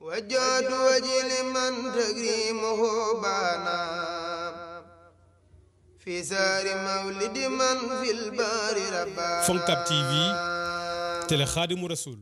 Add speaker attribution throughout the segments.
Speaker 1: وجاد وجه لمن تكريمه بانا في سار مولد من في البار ربانا فنكب تي في تلخادم رسول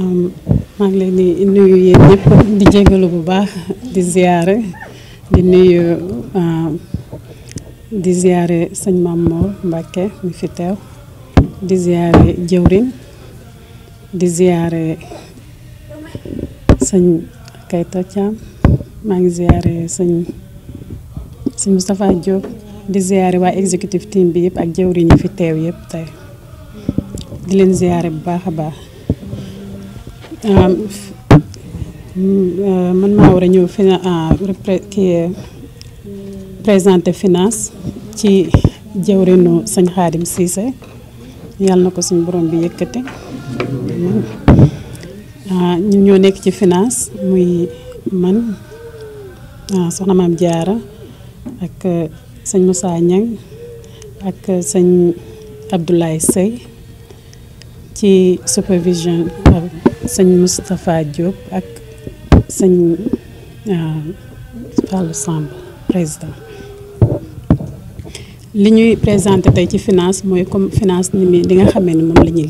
Speaker 1: Euh, maa ngi leen di nuyu yéen ñëpp di jégalu bu baax di ziare di nuyu euh, di ziare sëñ Mamour Mbacke mi fi teew di ziare jëwriñ di ziare sëñ Kayta Thiam maa ngi ziare sëñ sëñ Moustapha Diop di ziare waa executive team bi yëpp ak jëwriñ yi fi teew yëpp tey di leen ziare bu baax a baax. Euh, euh, man maa war a ñëw fina euh, présenté finance ci jëwrinu sëñ Xaadim Siise yàlla na ko suñu borom bi yëkkate ñun ñoo nekk ci finance muy man soxna maam Jaara ak sëñ Moussa Niang ak sëñ Abdoulaye Seye ci supervision sëñ Moustapha Diop ak sëñ euh, Fallou Samb président li ñuy présenter tay ci finance moy comme finance ni mi di nga xamee ni la ñuy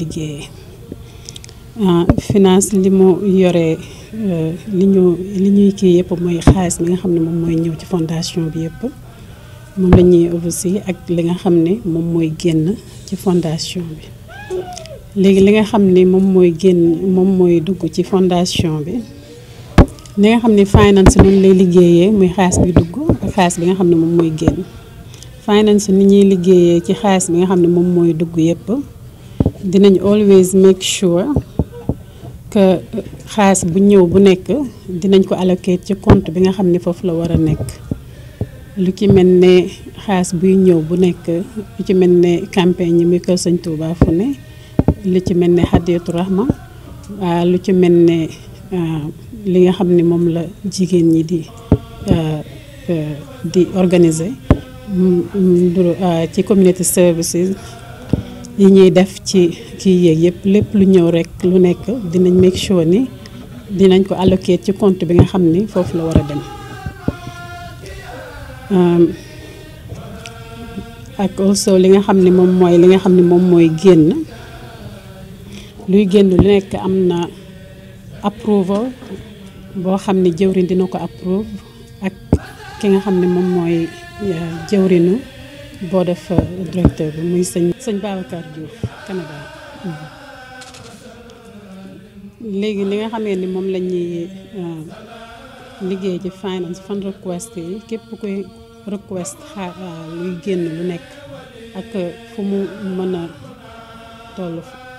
Speaker 1: euh, finance li mo yore euh, li ñu li ñuy kii yëpp mooy xaalis bi nga xamné mom moy ñëw ci fondation bi yépp mom la ñuy aussi ak li nga xamné mom moy génn ci fondation bi léegi li nga xam ni moom mooy génn moom mooy dugg ci fondation bi ni nga xam ni finance noonu lay liggéeyee muy xaas bi dugg xaas bi nga xam ne moom mooy génn finance ni ñuy liggéeyee ci xaas bi nga xam ne moom mooy dugg yëpp dinañ always make sure que uh, bu ñëw bu nekk dinañ ko allocate ci compte bi nga xam ni foofu la war a nekk lu ci mel ne xaas buy ñëw bu nekk lu ci mel ne campagne yi muy Kër Sëñ Touba ne li ci mel ne hadiyatu rahma ah, lu ci mel ne ah, li nga xam ni moom la jigéen ñi di ah, di organiser ci community services yi ñuy def ci kii yeeg yëpp lépp lu ñëw rek lu nekk dinañ make sure ni dinañ ko alloquer ci compte bi nga xam ni foofu la war a dem ak also li nga xam ne moom mooy li nga xam ne moom mooy génn luy génn lu nekk am na approuve boo xam ne jëwriñ dina ko approuve ak ki nga xam ne moom mooy euh, jëwriñu boo def euh, directeur bi muy sëñ sëñ Babacar Diouf Canada mm-hmm. léegi li nga xamee ni moom la ñuy euh, liggéey ci finance fan request yi képp kuy request luy génn lu nekk ak fu mu mën a toll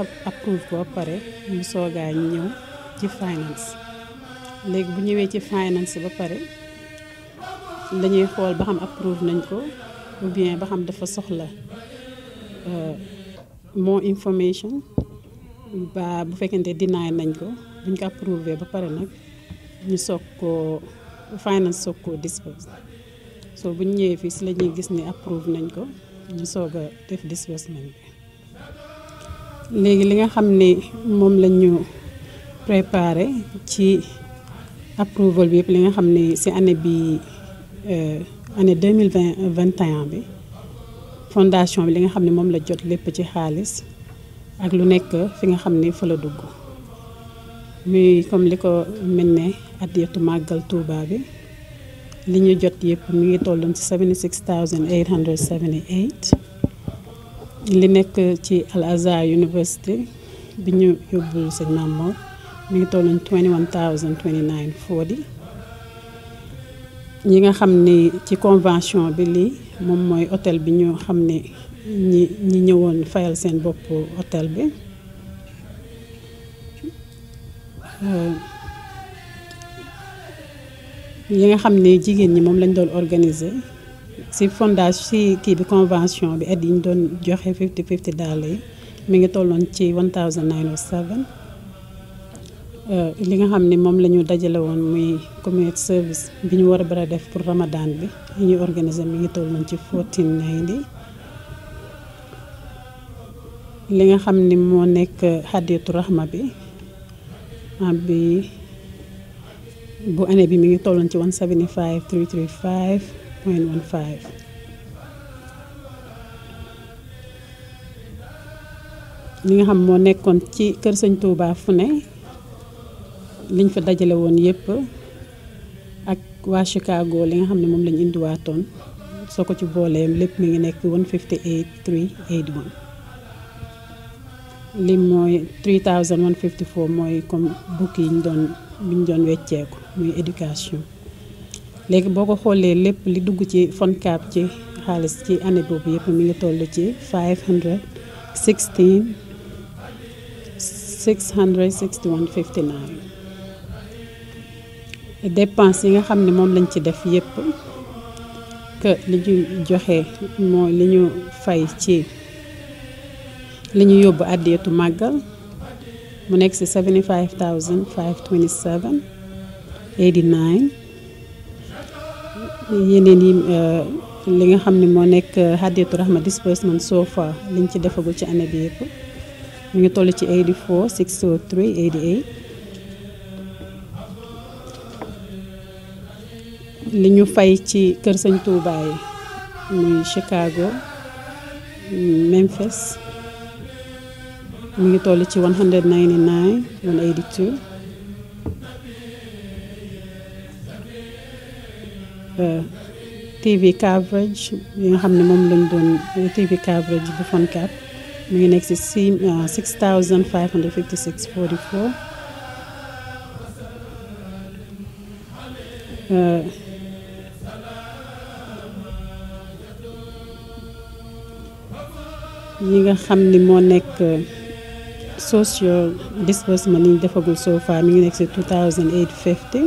Speaker 1: approuve ko pare mu soogaa ñëw ci finance léegi bu ñëwee ci finance ba pare dañuy xool ba xam approuve nañ ko ou bien ba xam dafa soxla euh, more information ba bu fekkente deny nañ ko buñ ko approve ba pare nag ñu soog koo finance soog koo dispose so buñ ñëwee fii si la ñuy gis ni approuve nañ ko ñu soog a def disbursement bi léegi li nga xamné mom la ci approval bi li nga xamné ci année bi euh, année fondation bi li nga xamné mom la jot lepp ci ak lu nekk fi nga fa la dugg mais comme liko ko Les adiyatu Touba bi li ñu jot mi ngi li nekk ci Al Azhar University bi ñu yóbbul sëñ ngi Mor mi ngi tolloon 21 029 40 ñi nga xam ni ci convention bi lii moom mooy hôtel bi ñu xam ne ñi ñi ñëwoon fayal seen bopp hôtel bi yi nga xam ne jigéen ñi moom lañ doon organiser si fondation si kii bi convention bi aide yi ñu doon joxe fifty fifty daal yi mi ngi tolloon ci one thousand nine oh euh, li nga xam ni moom lañu dajale woon muy community service bi ñu war a bara def pour ramadan bi li ñuy organiser mi ngi tolloon ci fourteen ninety li nga xam ni moo nekk xadditu rahma bi ah, bi bu année bi mu ngi tolloon ci one seventy five three three five point one li nga xam moo nekkoon ci kër sëñ Touba fu ne liñ fa dajale woon yépp ak waa Chicago li nga xam ne moom lañ indiwaatoon soo ko ci booleem lépp mi ngi nekk one fifty eight three eight one li mooy three thousand one fifty four mooy comme bukki yi ñu doon bi ñu doon wecceeku muy éducation léegi boo ko xoolee lépp li dugg ci FONCAB ci xaalis ci année boobu yëpp mi ngi toll ci five hundred sixteen six hundred sixty yi nga xam ne moom lañ ci def yëpp que li ñu joxe mooy li ñu fay ci li ñu yóbbu àddeetu màggal mu nekk ci seventy five thousand five twenty seven yeneen yi euh, li nga xam ni moo nekk euh, Hadiyatou Rahma Disbursement so far liñ ci defagul ci année bi yëpp ñu ngi toll ci 84 603 88 li ñu fay ci kër sëñ Touba yi muy Chicago Memphis mu ngi toll ci 199 182 Euh, TV coverage yi nga xam ne moom lañ doon euh, TV coverage bu FONCAB mi ngi nekk si si euh, six thousand five hundred fifty six forty four yi nga xam ni moo nekk social disbursement yi ñu defagul sofa far mi ngi nekk si two thousand eight fifty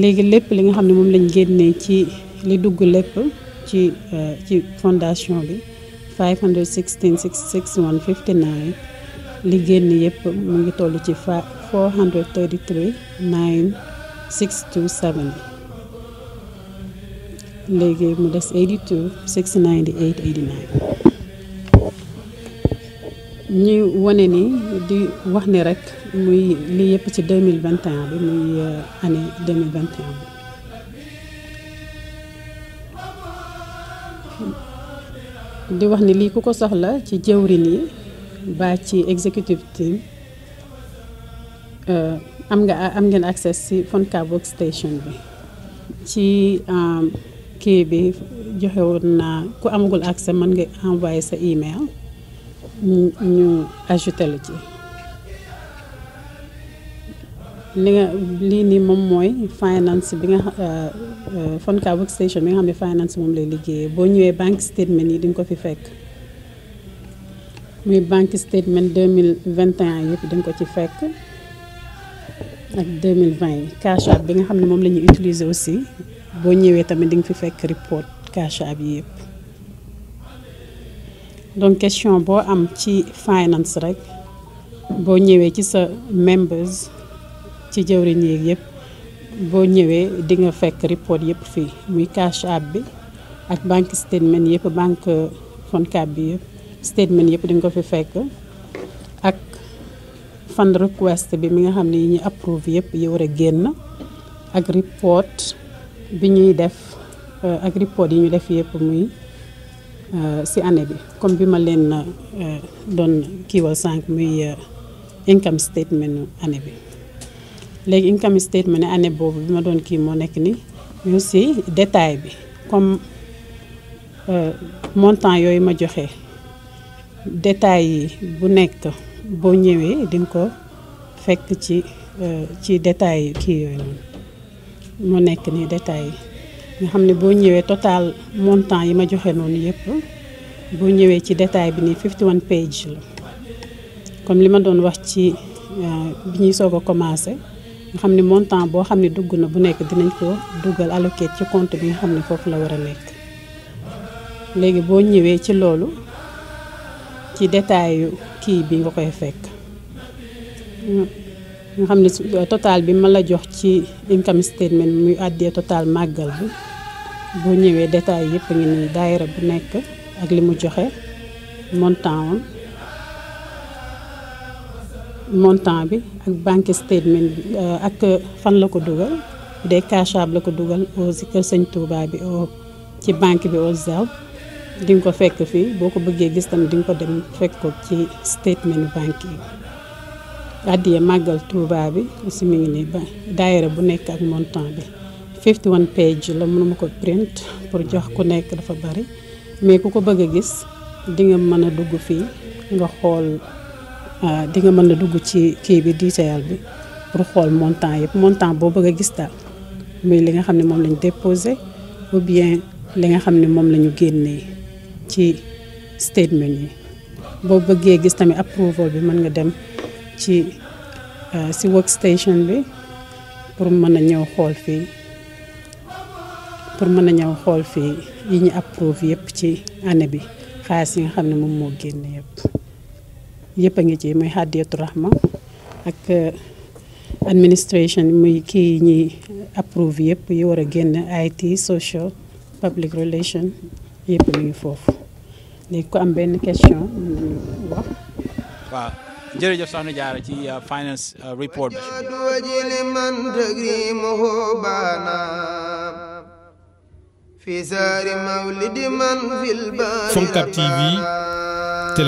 Speaker 1: léegi lépp li nga xam ne moom lañ génnee ci li dugg lépp ci euh, ci fondation bi 516 661 59 li génn yëpp mu ngi toll ci 433 9 627 léegi mu des 82 698 89 ñu wane ni di wax ni rek muy lii yëpp ci 2021 bi muy euh, année 2021 bi di wax ni lii ku ko soxla ci jëwrin yi ba ci executive team euh, am nga am ngeen accès si Fonka workstation bi ci euh, kii bi joxe naa ku amagul accès mën nga envoyé sa email ñu ajouté la ci nga lii nii moom mooy finance bi nga xam euh, euh, Fonka workstation bi nga xam ne finance moom lay liggéeyee boo ñëwee bank statement yi di nga ko fi fekk muy bank statement 2021 yëpp di nga ko ci fekk ak 2020 yi cash app bi nga xam ne moom la ñuy utiliser aussi boo ñëwee tamit di nga fi fekk ripot cash app yi yëpp donc question boo am ci finance rek boo ñëwee ci sa members ci jëwriñ yeeg yëpp boo ñëwee dinga nga fekk report yëpp fii muy cash app bi ak banque statement yëpp banque FONCAB bi yëpp statement yëpp di ko fi fekk ak fund request bi mi nga xam ne yi ñu approuve yëpp yi war génn ak report bi ñuy def euh, ak report yi ñu def yëpp muy Euh, si année bi comme bi ma leen euh, doon kiiwal sànq muy euh, income statement année bi léegi income statement ne année boobu bi ma doon kii moo nekk ni ñu si détail bi comme montant yooyu ma joxe détail yi bu nekk boo ñëwee di ko fekk ci ci détail kii yooyu noonu mu nekk ni détail yi nga xam ne boo ñëwee total montant yi ma joxe noonu yëpp boo ñëwee ci détail bi nii 51 page la comme li ma doon wax ci euh, bi ñuy soog a commencé nga xam ne montant boo xam ne dugg na bu nekk dinañ ko duggal alloqué ci compte bi nga xam ne foofu la war a nekk léegi boo ñëwee ci loolu ci détail kii bi nga koy fekk. nga xam ne euh, total bi ma la jox ci income statement muy àddee total màggal bi boo ñëwee détail yëpp ngi nii daayira bu nekk ak li mu joxe montant woon montant bi ak banque statement euh, ak fan la ko dugal bu dee la ko dugal au si kër sëñ Touba bi au ci banque bi au zaw di nga ko fekk fii boo ko bëggee gis tamit di nga ko dem fekk ko ci statement banque yi addiye màggal Touba bi si mi ngi nii ba daayira bu nekk ak montant bi 51 page la mënuma ko print pour jox ku nekk dafa bari mais ku ko bëgg a gis di nga mën a dugg fii nga xool ah, di nga mën a dugg ci kii bi diitayal bi pour xool montant yëpp montant boo bëgg a gis li nga xam ne moom lañ déposé bien li nga xam ne moom la ñu génnee ci statement yi boo bëggee gis tamit approval bi mën nga dem ci si euh, workstation bi pour mën a ñëw xool fii pour mën a ñëw xool fii yi ñu approuve yëpp ci année bi xaalis yi nga xam ne moom moo génn yëpp yëpp a ngi ci muy Hadiyatu Rahma ak euh, administration muy kii ñuy approuve yëpp yi war a génn IT social public relation yëpp mi ngi foofu léegi ku am benn question waaw jërëjëf soxna Diarra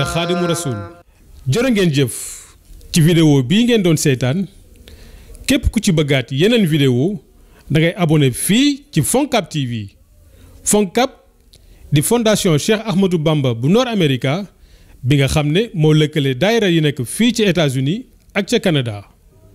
Speaker 1: uh, uh, ngeen jëf ci vidéo bii ngeen doon seetaan képp ku ci bëggaat yeneen vidéo da ngay fii ci Foncab TV Foncab di fondation Cheikh Ahmadou Bamba bu Nord America bi nga xam ne moo lëkkale daayira yi nekk fii ci États-Unis ak ca Canada